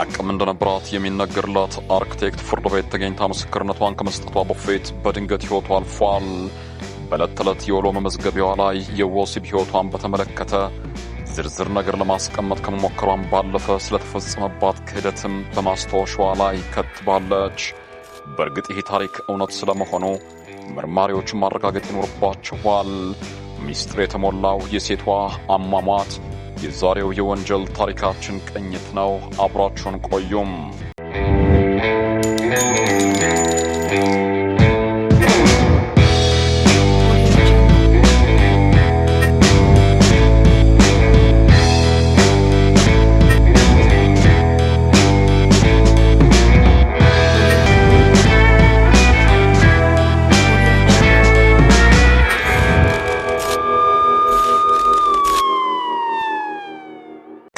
አቅም እንደነበራት የሚነገርላት አርክቴክት ፍርድ ቤት ተገኝታ ምስክርነቷን ከመስጠቷ በፊት በድንገት ህይወቱ አልፏል። በዕለት ተዕለት የውሎ መመዝገቢያዋ ላይ የወሲብ ህይወቷን በተመለከተ ዝርዝር ነገር ለማስቀመጥ ከመሞከሯን ባለፈ ስለተፈጸመባት ክህደትም በማስታወሻዋ ላይ ከትባለች። በእርግጥ ይህ ታሪክ እውነት ስለመሆኑ መርማሪዎችን ማረጋገጥ ይኖርባቸዋል። ሚስጥር የተሞላው የሴቷ አሟሟት የዛሬው የወንጀል ታሪካችን ቅኝት ነው። አብራችሁን ቆዩም።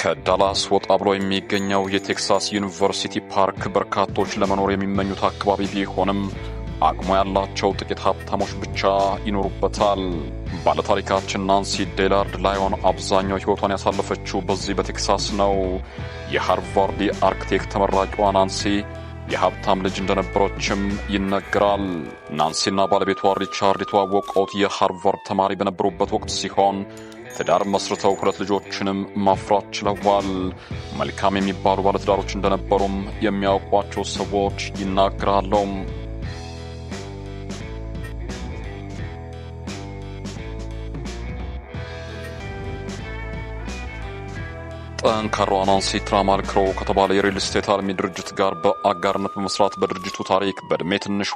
ከዳላስ ወጣ ብሎ የሚገኘው የቴክሳስ ዩኒቨርሲቲ ፓርክ በርካቶች ለመኖር የሚመኙት አካባቢ ቢሆንም አቅሙ ያላቸው ጥቂት ሀብታሞች ብቻ ይኖሩበታል። ባለታሪካችን ናንሲ ዴላርድ ላዮን አብዛኛው ሕይወቷን ያሳለፈችው በዚህ በቴክሳስ ነው። የሃርቫርድ የአርክቴክት ተመራቂዋ ናንሲ የሀብታም ልጅ እንደነበረችም ይነገራል። ናንሲና ባለቤቷ ሪቻርድ የተዋወቁት የሃርቫርድ ተማሪ በነበሩበት ወቅት ሲሆን ትዳር መስርተው ሁለት ልጆችንም ማፍራት ችለዋል። መልካም የሚባሉ ባለትዳሮች እንደነበሩም የሚያውቋቸው ሰዎች ይናገራሉ። ጠንካራዋ ናንሲ ትራማል ክሮ ከተባለ የሪል ስቴት አልሚ ድርጅት ጋር በአጋርነት በመስራት በድርጅቱ ታሪክ በእድሜ ትንሿ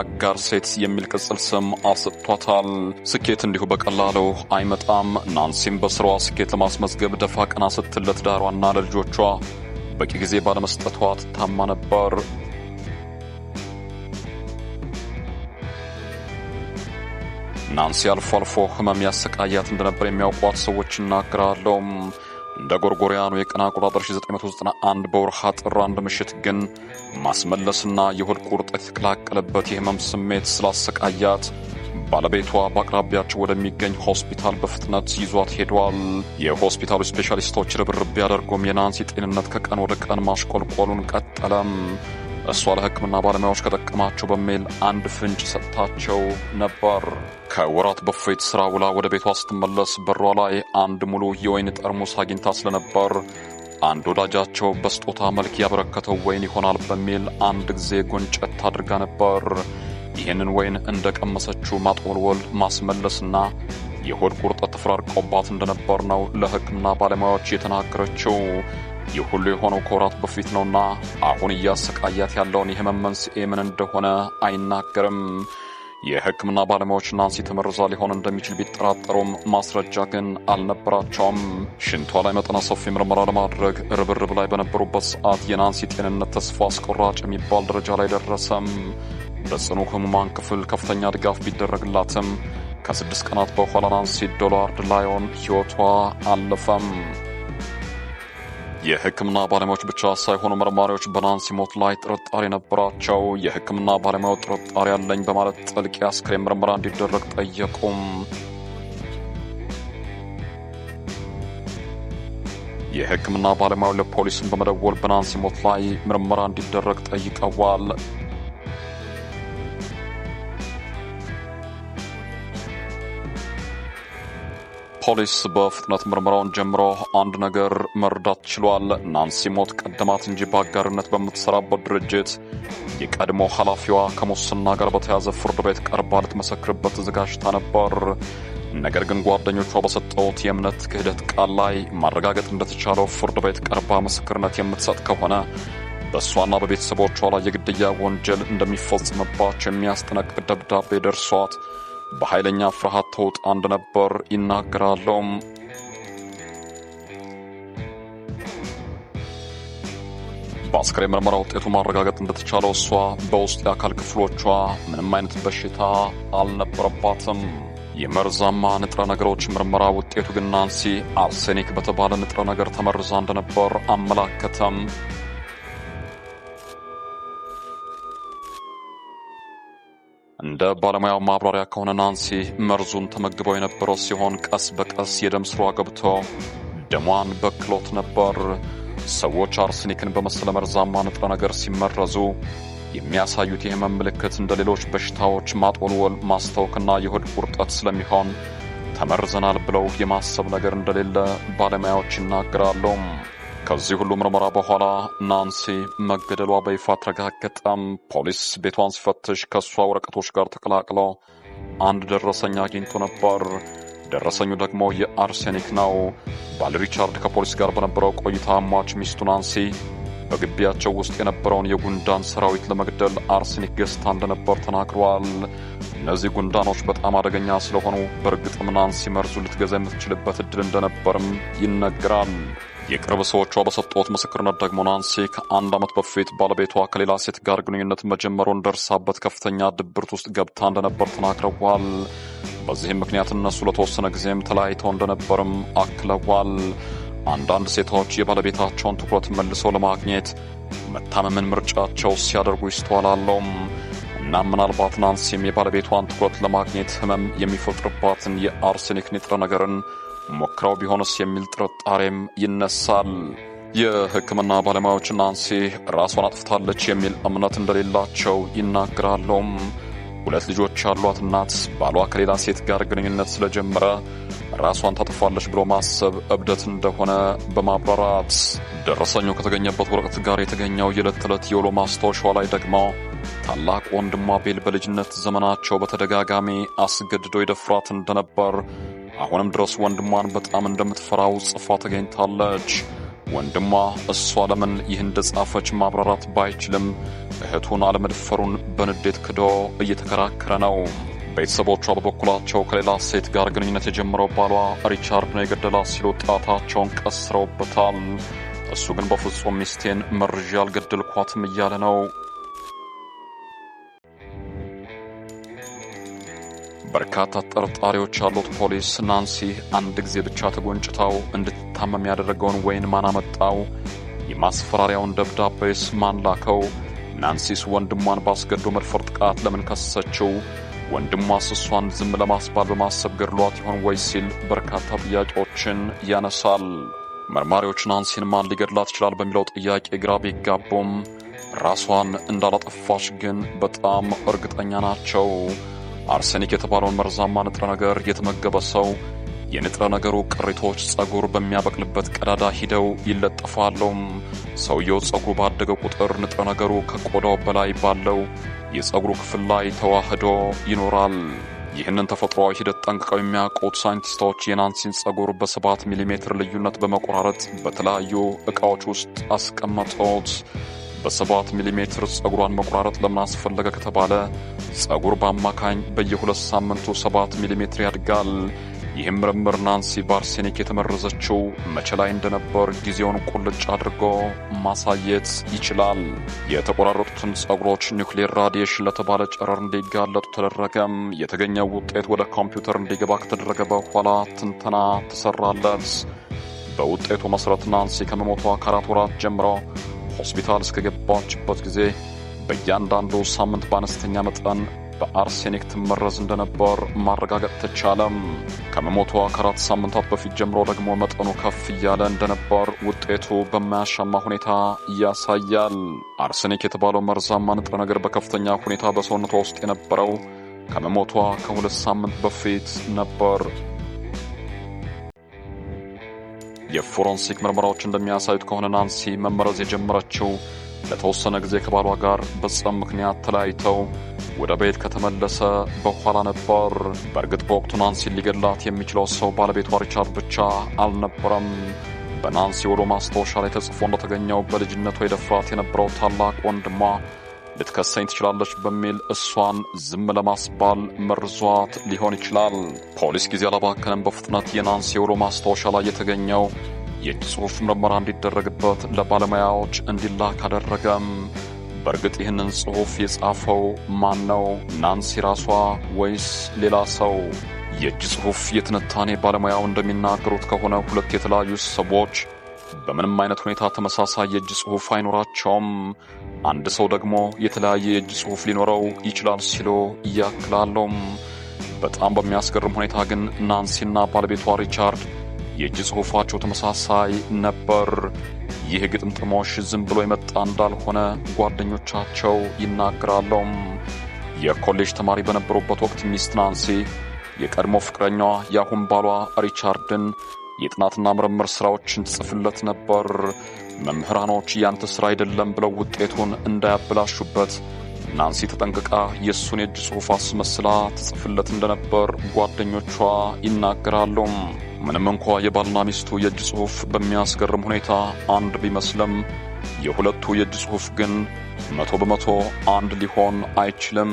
አጋር ሴት የሚል ቅጽል ስም አሰጥቷታል። ስኬት እንዲሁ በቀላሉ አይመጣም። ናንሲም በስራዋ ስኬት ለማስመዝገብ ደፋ ቀና ስትል ለትዳሯና ለልጆቿ በቂ ጊዜ ባለመስጠቷ ትታማ ነበር። ናንሲ አልፎ አልፎ ህመም ያሰቃያት እንደነበር የሚያውቋት ሰዎች ይናገራለውም። እንደ ጎርጎሪያኑ የቀን አቆጣጠር 1991 በወርሃ ጥር አንድ ምሽት ግን ማስመለስና የሆድ ቁርጠት የተቀላቀለበት የህመም ስሜት ስላሰቃያት ባለቤቷ በአቅራቢያቸው ወደሚገኝ ሆስፒታል በፍጥነት ይዟት ሄዷል። የሆስፒታሉ ስፔሻሊስቶች ርብርብ ቢያደርጉም የናንሲ ጤንነት ከቀን ወደ ቀን ማሽቆልቆሉን ቀጠለም። እሷ ለሕክምና ባለሙያዎች ከጠቀማቸው በሚል አንድ ፍንጭ ሰጥታቸው ነበር። ከወራት በፊት ስራ ውላ ወደ ቤቷ ስትመለስ በሯ ላይ አንድ ሙሉ የወይን ጠርሙስ አግኝታ ስለነበር አንድ ወዳጃቸው በስጦታ መልክ ያበረከተው ወይን ይሆናል በሚል አንድ ጊዜ ጎንጨት አድርጋ ነበር። ይህንን ወይን እንደ ቀመሰችው ማጥወልወል፣ ማስመለስና የሆድ ቁርጠት ተፈራርቆባት እንደነበር ነው ለሕክምና ባለሙያዎች የተናገረችው። ይህ ሁሉ የሆነው ከወራት በፊት ነውና አሁን እያሰቃያት ያለውን የህመም መንስኤ ምን እንደሆነ አይናገርም። የህክምና ባለሙያዎች ናንሲ ተመርዛ ሊሆን እንደሚችል ቢጠራጠሩም ማስረጃ ግን አልነበራቸውም። ሽንቷ ላይ መጠነ ሰፊ ምርመራ ለማድረግ ርብርብ ላይ በነበሩበት ሰዓት የናንሲ ጤንነት ተስፋ አስቆራጭ የሚባል ደረጃ ላይ ደረሰም። በጽኑ ህሙማን ክፍል ከፍተኛ ድጋፍ ቢደረግላትም ከስድስት ቀናት በኋላ ናንሲ ዶላርድ ላዮን ሕይወቷ አለፈም። የሕክምና ባለሙያዎች ብቻ ሳይሆኑ መርማሪዎች በናንሲ ሞት ላይ ጥርጣሬ ነበራቸው። የሕክምና ባለሙያው ጥርጣሬ አለኝ በማለት ጥልቅ የአስክሬን ምርመራ እንዲደረግ ጠየቁም። የሕክምና ባለሙያው ለፖሊስን በመደወል በናንሲ ሞት ላይ ምርመራ እንዲደረግ ጠይቀዋል። ፖሊስ በፍጥነት ምርመራውን ጀምሮ አንድ ነገር መረዳት ችሏል። ናንሲ ሞት ቀደማት እንጂ በአጋርነት በምትሰራበት ድርጅት የቀድሞ ኃላፊዋ ከሙስና ጋር በተያዘ ፍርድ ቤት ቀርባ ልትመሰክርበት ተዘጋጅታ ነበር። ነገር ግን ጓደኞቿ በሰጠውት የእምነት ክህደት ቃል ላይ ማረጋገጥ እንደተቻለው ፍርድ ቤት ቀርባ ምስክርነት የምትሰጥ ከሆነ በእሷና በቤተሰቦቿ ላይ የግድያ ወንጀል እንደሚፈጽምባቸው የሚያስጠነቅቅ ደብዳቤ ደርሷት በኃይለኛ ፍርሃት ተውጣ እንደነበር ይናገራሉ። በአስክሬ ምርመራ ውጤቱ ማረጋገጥ እንደተቻለው እሷ በውስጥ የአካል ክፍሎቿ ምንም አይነት በሽታ አልነበረባትም። የመርዛማ ንጥረ ነገሮች ምርመራ ውጤቱ ግን ናንሲ አርሴኒክ በተባለ ንጥረ ነገር ተመርዛ እንደነበር አመላከተም። እንደ ባለሙያው ማብራሪያ ከሆነ ናንሲ መርዙን ተመግበው የነበረው ሲሆን ቀስ በቀስ የደም ስሯ ገብቶ ደሟን በክሎት ነበር። ሰዎች አርሰኒክን በመሰለ መርዛማ ንጥረ ነገር ሲመረዙ የሚያሳዩት የህመም ምልክት እንደ ሌሎች በሽታዎች ማጥወልወል፣ ማስታወክና የሆድ ቁርጠት ስለሚሆን ተመርዘናል ብለው የማሰብ ነገር እንደሌለ ባለሙያዎች ይናገራሉ። ከዚህ ሁሉ ምርመራ በኋላ ናንሲ መገደሏ በይፋ ተረጋገጠም። ፖሊስ ቤቷን ሲፈትሽ ከእሷ ወረቀቶች ጋር ተቀላቅሎ አንድ ደረሰኝ አግኝቶ ነበር። ደረሰኙ ደግሞ የአርሴኒክ ነው። ባል ሪቻርድ ከፖሊስ ጋር በነበረው ቆይታ ሟች ሚስቱ ናንሲ በግቢያቸው ውስጥ የነበረውን የጉንዳን ሰራዊት ለመግደል አርሴኒክ ገዝታ እንደነበር ተናግሯል። እነዚህ ጉንዳኖች በጣም አደገኛ ስለሆኑ በእርግጥም ናንሲ መርዙ ልትገዛ የምትችልበት እድል እንደነበርም ይነገራል። የቅርብ ሰዎቿ በሰጡት ምስክርነት ደግሞ ናንሲ ከአንድ ዓመት በፊት ባለቤቷ ከሌላ ሴት ጋር ግንኙነት መጀመሩን ደርሳበት ከፍተኛ ድብርት ውስጥ ገብታ እንደነበር ተናግረዋል። በዚህም ምክንያት እነሱ ለተወሰነ ጊዜም ተለያይተው እንደነበርም አክለዋል። አንዳንድ ሴቶች የባለቤታቸውን ትኩረት መልሰው ለማግኘት መታመምን ምርጫቸው ሲያደርጉ ይስተዋላለውም። እና ምናልባት ናንሲም የባለቤቷን ትኩረት ለማግኘት ህመም የሚፈጥርባትን የአርሴኒክ ንጥረ ነገርን ሞክረው ቢሆንስ የሚል ጥርጣሬም ይነሳል። የሕክምና ባለሙያዎች ናንሲ ራሷን አጥፍታለች የሚል እምነት እንደሌላቸው ይናገራሉም። ሁለት ልጆች ያሏት እናት ባሏ ከሌላ ሴት ጋር ግንኙነት ስለጀመረ ራሷን ታጥፋለች ብሎ ማሰብ እብደት እንደሆነ በማብራራት ደረሰኙ ከተገኘበት ወረቀት ጋር የተገኘው የዕለት ተዕለት የውሎ ማስታወሻ ላይ ደግሞ ታላቅ ወንድሟ ቤል በልጅነት ዘመናቸው በተደጋጋሚ አስገድዶ የደፍራት እንደነበር አሁንም ድረስ ወንድሟን በጣም እንደምትፈራው ጽፋ ተገኝታለች። ወንድሟ እሷ ለምን ይህ እንደጻፈች ማብራራት ባይችልም እህቱን አለመድፈሩን በንዴት ክዶ እየተከራከረ ነው። ቤተሰቦቿ በበኩላቸው ከሌላ ሴት ጋር ግንኙነት የጀመረው ባሏ ሪቻርድ ነው የገደላት ሲሉ ጣታቸውን ቀስረውበታል። እሱ ግን በፍጹም ሚስቴን መርዣ አልገደልኳትም እያለ ነው። በርካታ ጠርጣሪዎች ያሉት ፖሊስ ናንሲ አንድ ጊዜ ብቻ ተጎንጭታው እንድትታመም ያደረገውን ወይን ማን አመጣው? የማስፈራሪያውን ደብዳቤስ ማን ላከው? ናንሲስ ወንድሟን ባስገዶ መድፈር ጥቃት ለምን ከሰሰችው? ወንድሟስ እሷን ዝም ለማስባል በማሰብ ገድሏት ይሆን ወይ ሲል በርካታ ጥያቄዎችን ያነሳል። መርማሪዎች ናንሲን ማን ሊገድላት ይችላል በሚለው ጥያቄ ግራ ቢጋቡም ራሷን እንዳላጠፋች ግን በጣም እርግጠኛ ናቸው። አርሰኒክ የተባለውን መርዛማ ንጥረ ነገር የተመገበ ሰው የንጥረ ነገሩ ቅሪቶች ጸጉር በሚያበቅልበት ቀዳዳ ሂደው ይለጠፋሉም። ሰውየው ጸጉሩ ባደገ ቁጥር ንጥረ ነገሩ ከቆዳው በላይ ባለው የጸጉሩ ክፍል ላይ ተዋህዶ ይኖራል። ይህንን ተፈጥሯዊ ሂደት ጠንቅቀው የሚያውቁት ሳይንቲስቶች የናንሲን ጸጉር በሰባት ሚሊሜትር ልዩነት በመቆራረጥ በተለያዩ ዕቃዎች ውስጥ አስቀመጡት። በ7 ሚሜ ፀጉሯን መቆራረጥ ለምን አስፈለገ ከተባለ ፀጉር በአማካኝ በየሁለት ሳምንቱ 7 ሚሜ ያድጋል። ይህም ምርምር ናንሲ ባርሴኔክ የተመረዘችው መቼ ላይ እንደነበር ጊዜውን ቁልጭ አድርጎ ማሳየት ይችላል። የተቆራረጡትን ጸጉሮች ኒውክሌር ራዲየሽን ለተባለ ጨረር እንዲጋለጡ ተደረገም። የተገኘው ውጤት ወደ ኮምፒውተር እንዲገባ ከተደረገ በኋላ ትንተና ትሰራለት። በውጤቱ መሠረት ናንሲ ከመሞቷ ከአራት ወራት ጀምሮ ሆስፒታል እስከገባችበት ጊዜ በእያንዳንዱ ሳምንት በአነስተኛ መጠን በአርሴኒክ ትመረዝ እንደነበር ማረጋገጥ ተቻለም። ከመሞቷ ከአራት ሳምንታት በፊት ጀምሮ ደግሞ መጠኑ ከፍ እያለ እንደነበር ውጤቱ በማያሻማ ሁኔታ ያሳያል። አርሴኒክ የተባለው መርዛማ ንጥረ ነገር በከፍተኛ ሁኔታ በሰውነቷ ውስጥ የነበረው ከመሞቷ ከሁለት ሳምንት በፊት ነበር። የፎረንሲክ ምርመራዎች እንደሚያሳዩት ከሆነ ናንሲ መመረዝ የጀመረችው ለተወሰነ ጊዜ ከባሏ ጋር በጸም ምክንያት ተለያይተው ወደ ቤት ከተመለሰ በኋላ ነበር። በእርግጥ በወቅቱ ናንሲ ሊገላት የሚችለው ሰው ባለቤቷ ሪቻርድ ብቻ አልነበረም። በናንሲ ወሎ ማስታወሻ ላይ ተጽፎ እንደተገኘው በልጅነቷ የደፍራት የነበረው ታላቅ ወንድሟ ልትከሰኝ ትችላለች በሚል እሷን ዝም ለማስባል መርዟት ሊሆን ይችላል። ፖሊስ ጊዜ አለባከነም በፍጥነት የናንሲ የውሎ ማስታወሻ ላይ የተገኘው የእጅ ጽሑፍ ምርመራ እንዲደረግበት ለባለሙያዎች እንዲላክ አደረገም። በእርግጥ ይህንን ጽሑፍ የጻፈው ማን ነው? ናንሲ ራሷ ወይስ ሌላ ሰው? የእጅ ጽሑፍ የትንታኔ ባለሙያው እንደሚናገሩት ከሆነ ሁለት የተለያዩ ሰዎች በምንም አይነት ሁኔታ ተመሳሳይ የእጅ ጽሑፍ አይኖራቸውም። አንድ ሰው ደግሞ የተለያየ የእጅ ጽሑፍ ሊኖረው ይችላል ሲሉ እያክላለውም። በጣም በሚያስገርም ሁኔታ ግን ናንሲና ባለቤቷ ሪቻርድ የእጅ ጽሑፋቸው ተመሳሳይ ነበር። ይህ ግጥምጥሞሽ ዝም ብሎ የመጣ እንዳልሆነ ጓደኞቻቸው ይናገራለውም። የኮሌጅ ተማሪ በነበሩበት ወቅት ሚስት ናንሲ የቀድሞ ፍቅረኛዋ የአሁን ባሏ ሪቻርድን የጥናትና ምርምር ሥራዎችን ጽፍለት ነበር። መምህራኖች ያንተ ሥራ አይደለም ብለው ውጤቱን እንዳያበላሹበት ናንሲ ተጠንቅቃ የእሱን የእጅ ጽሑፍ አስመስላ ትጽፍለት እንደነበር ጓደኞቿ ይናገራሉ። ምንም እንኳ የባልና ሚስቱ የእጅ ጽሑፍ በሚያስገርም ሁኔታ አንድ ቢመስልም የሁለቱ የእጅ ጽሑፍ ግን መቶ በመቶ አንድ ሊሆን አይችልም።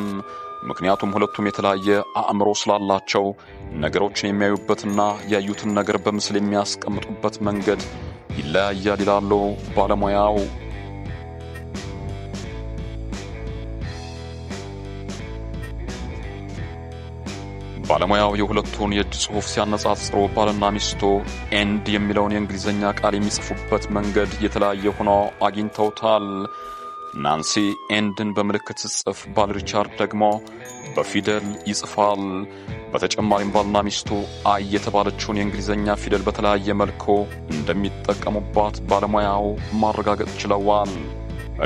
ምክንያቱም ሁለቱም የተለያየ አእምሮ ስላላቸው ነገሮችን የሚያዩበትና ያዩትን ነገር በምስል የሚያስቀምጡበት መንገድ ይለያያል ይላሉ ባለሙያው። ባለሙያው የሁለቱን የእጅ ጽሑፍ ሲያነጻጽሩ ባልና ሚስቶ ኤንድ የሚለውን የእንግሊዝኛ ቃል የሚጽፉበት መንገድ የተለያየ ሆኖ አግኝተውታል። ናንሲ ኤንድን በምልክት ስጽፍ ባል ሪቻርድ ደግሞ በፊደል ይጽፋል። በተጨማሪም ባልና ሚስቱ አይ የተባለችውን የእንግሊዝኛ ፊደል በተለያየ መልኩ እንደሚጠቀሙባት ባለሙያው ማረጋገጥ ችለዋል።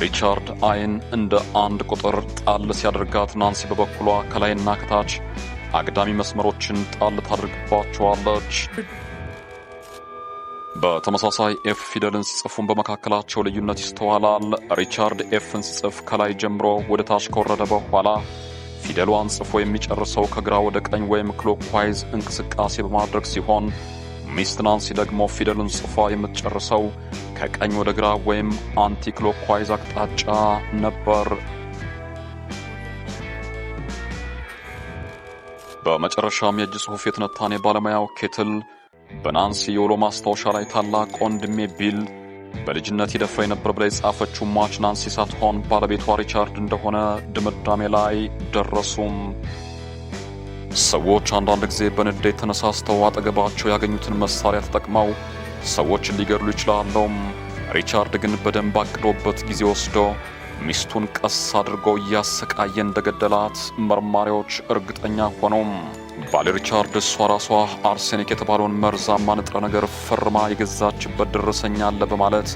ሪቻርድ አይን እንደ አንድ ቁጥር ጣል ሲያደርጋት፣ ናንሲ በበኩሏ ከላይና ከታች አግዳሚ መስመሮችን ጣል ታደርግባቸዋለች። በተመሳሳይ ኤፍ ፊደልን ሲጽፉን በመካከላቸው ልዩነት ይስተዋላል። ሪቻርድ ኤፍን ሲጽፍ ከላይ ጀምሮ ወደ ታች ከወረደ በኋላ ፊደሏን ጽፎ የሚጨርሰው ከግራ ወደ ቀኝ ወይም ክሎክዋይዝ እንቅስቃሴ በማድረግ ሲሆን ሚስት ናንሲ ደግሞ ፊደሉን ጽፏ የምትጨርሰው ከቀኝ ወደ ግራ ወይም አንቲ ክሎክዋይዝ አቅጣጫ ነበር። በመጨረሻም የእጅ ጽሑፍ የትንታኔ ባለሙያው ኬትል በናንሲ የውሎ ማስታወሻ ላይ ታላቅ ወንድሜ ቢል በልጅነት ይደፍረኝ ነበር ብላ የጻፈችው ሟች ናንሲ ሳትሆን ባለቤቷ ሪቻርድ እንደሆነ ድምዳሜ ላይ ደረሱም። ሰዎች አንዳንድ ጊዜ በንዴት ተነሳስተው አጠገባቸው ያገኙትን መሳሪያ ተጠቅመው ሰዎችን ሊገድሉ ይችላለውም። ሪቻርድ ግን በደንብ አቅዶበት ጊዜ ወስዶ ሚስቱን ቀስ አድርጎ እያሰቃየ እንደገደላት መርማሪዎች እርግጠኛ ሆኖም ሪቻርድ እሷ ራሷ አርሴኒክ የተባለውን መርዛማ ንጥረ ነገር ፈርማ የገዛችበት ደረሰኛ አለ በማለት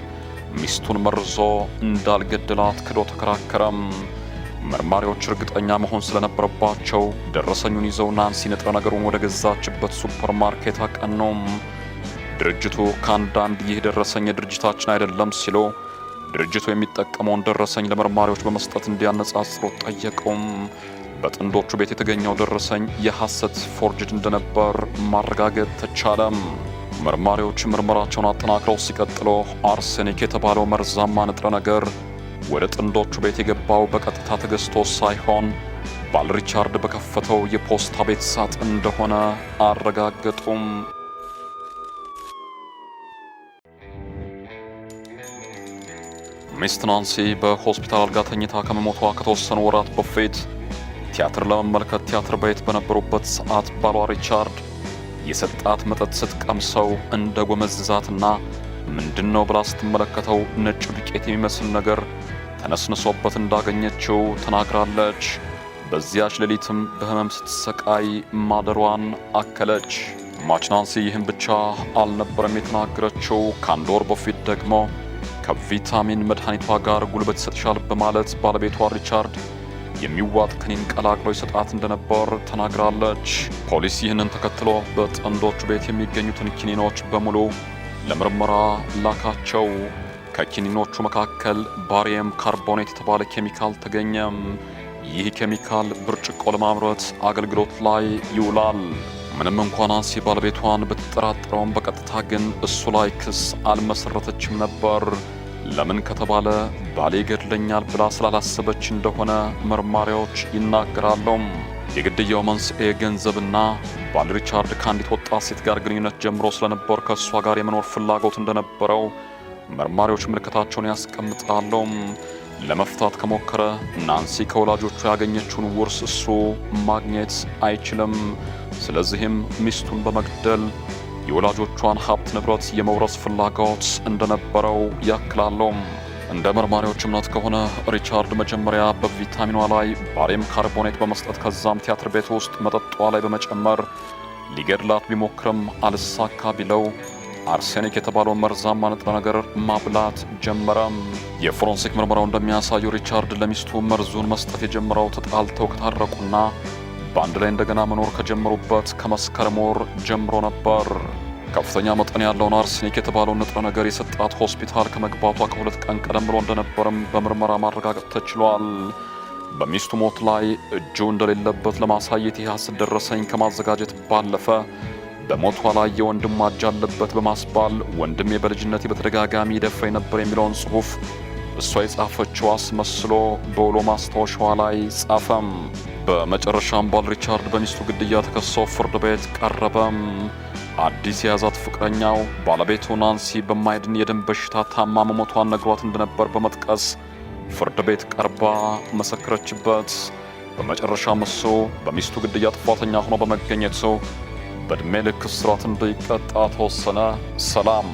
ሚስቱን መርዞ እንዳልገደላት ክዶ ተከራከረም። መርማሪዎች እርግጠኛ መሆን ስለነበረባቸው ደረሰኙን ይዘው ናንሲ ንጥረ ነገሩን ወደ ገዛችበት ሱፐርማርኬት አቀኑም። ድርጅቱ ከአንዳንድ ይህ ደረሰኝ የድርጅታችን አይደለም ሲሉ ድርጅቱ የሚጠቀመውን ደረሰኝ ለመርማሪዎች በመስጠት እንዲያነጻጽሩት ጠየቀውም። በጥንዶቹ ቤት የተገኘው ደረሰኝ የሐሰት ፎርጅድ እንደነበር ማረጋገጥ ተቻለም። መርማሪዎች ምርመራቸውን አጠናክረው ሲቀጥሎ አርሴኒክ የተባለው መርዛማ ንጥረ ነገር ወደ ጥንዶቹ ቤት የገባው በቀጥታ ተገዝቶ ሳይሆን ባል ሪቻርድ በከፈተው የፖስታ ቤት ሳጥን እንደሆነ አረጋገጡም። ሚስት ናንሲ በሆስፒታል አልጋ ተኝታ ከመሞቷ ከተወሰኑ ወራት በፊት ቲያትር ለመመልከት ቲያትር ቤት በነበሩበት ሰዓት ባሏ ሪቻርድ የሰጣት መጠጥ ስትቀምሰው እንደ ጎመዝዛትና ምንድን ነው ብላ ስትመለከተው ነጭ ዱቄት የሚመስል ነገር ተነስንሶበት እንዳገኘችው ተናግራለች። በዚያች ሌሊትም በህመም ስትሰቃይ ማደሯን አከለች። ማችናንሲ ይህም ብቻ አልነበረም የተናገረችው። ከአንድ ወር በፊት ደግሞ ከቪታሚን መድኃኒቷ ጋር ጉልበት ይሰጥሻል በማለት ባለቤቷ ሪቻርድ የሚዋጥ ክኒን ቀላቅሎ ይሰጣት እንደነበር ተናግራለች። ፖሊስ ይህንን ተከትሎ በጥንዶቹ ቤት የሚገኙትን ኪኒኖች በሙሉ ለምርመራ ላካቸው። ከኪኒኖቹ መካከል ባሪየም ካርቦኔት የተባለ ኬሚካል ተገኘም። ይህ ኬሚካል ብርጭቆ ለማምረት አገልግሎት ላይ ይውላል። ምንም እንኳን አንሲ ባለቤቷን ብትጠራጥረውም በቀጥታ ግን እሱ ላይ ክስ አልመሰረተችም ነበር። ለምን ከተባለ ባሌ ገድለኛል ብላ ስላላሰበች እንደሆነ መርማሪያዎች ይናገራሉ። የግድያው መንስኤ ገንዘብና ባል ሪቻርድ ከአንዲት ወጣት ሴት ጋር ግንኙነት ጀምሮ ስለነበር ከእሷ ጋር የመኖር ፍላጎት እንደነበረው መርማሪዎች ምልክታቸውን ያስቀምጣሉ። ለመፍታት ከሞከረ ናንሲ ከወላጆቹ ያገኘችውን ውርስ እሱ ማግኘት አይችልም። ስለዚህም ሚስቱን በመግደል የወላጆቿን ሀብት ንብረት የመውረስ ፍላጎት እንደነበረው ያክላሉ። እንደ መርማሪዎች እምነት ከሆነ ሪቻርድ መጀመሪያ በቪታሚኗ ላይ ባሬም ካርቦኔት በመስጠት ከዛም ቲያትር ቤት ውስጥ መጠጧ ላይ በመጨመር ሊገድላት ቢሞክርም አልሳካ ቢለው አርሴኒክ የተባለውን መርዛማ ንጥረ ነገር ማብላት ጀመረም። የፎረንሲክ ምርመራው እንደሚያሳየው ሪቻርድ ለሚስቱ መርዙን መስጠት የጀመረው ተጣልተው ከታረቁና በአንድ ላይ እንደገና መኖር ከጀመሩበት ከመስከረም ወር ጀምሮ ነበር። ከፍተኛ መጠን ያለውን አርሴኒክ የተባለውን ንጥረ ነገር የሰጣት ሆስፒታል ከመግባቷ ከሁለት ቀን ቀደም ብሎ እንደነበርም በምርመራ ማረጋገጥ ተችሏል። በሚስቱ ሞት ላይ እጁ እንደሌለበት ለማሳየት ይህ ደረሰኝ ከማዘጋጀት ባለፈ በሞቷ ላይ የወንድም እጅ አለበት በማስባል ወንድሜ በልጅነቴ በተደጋጋሚ ደፋኝ ነበር የሚለውን ጽሑፍ እሷ የጻፈችው አስመስሎ በውሎ ማስታወሻዋ ላይ ጻፈም። በመጨረሻም ባል ሪቻርድ በሚስቱ ግድያ ተከሶ ፍርድ ቤት ቀረበም። አዲስ የያዛት ፍቅረኛው ባለቤቱ ናንሲ በማይድን የደም በሽታ ታማ መሞቷን ነግሯት እንደነበር በመጥቀስ ፍርድ ቤት ቀርባ መሰክረችበት። በመጨረሻ እሱ በሚስቱ ግድያ ጥፋተኛ ሆኖ በመገኘቱ በዕድሜ ልክ እስራት እንዲቀጣ ተወሰነ። ሰላም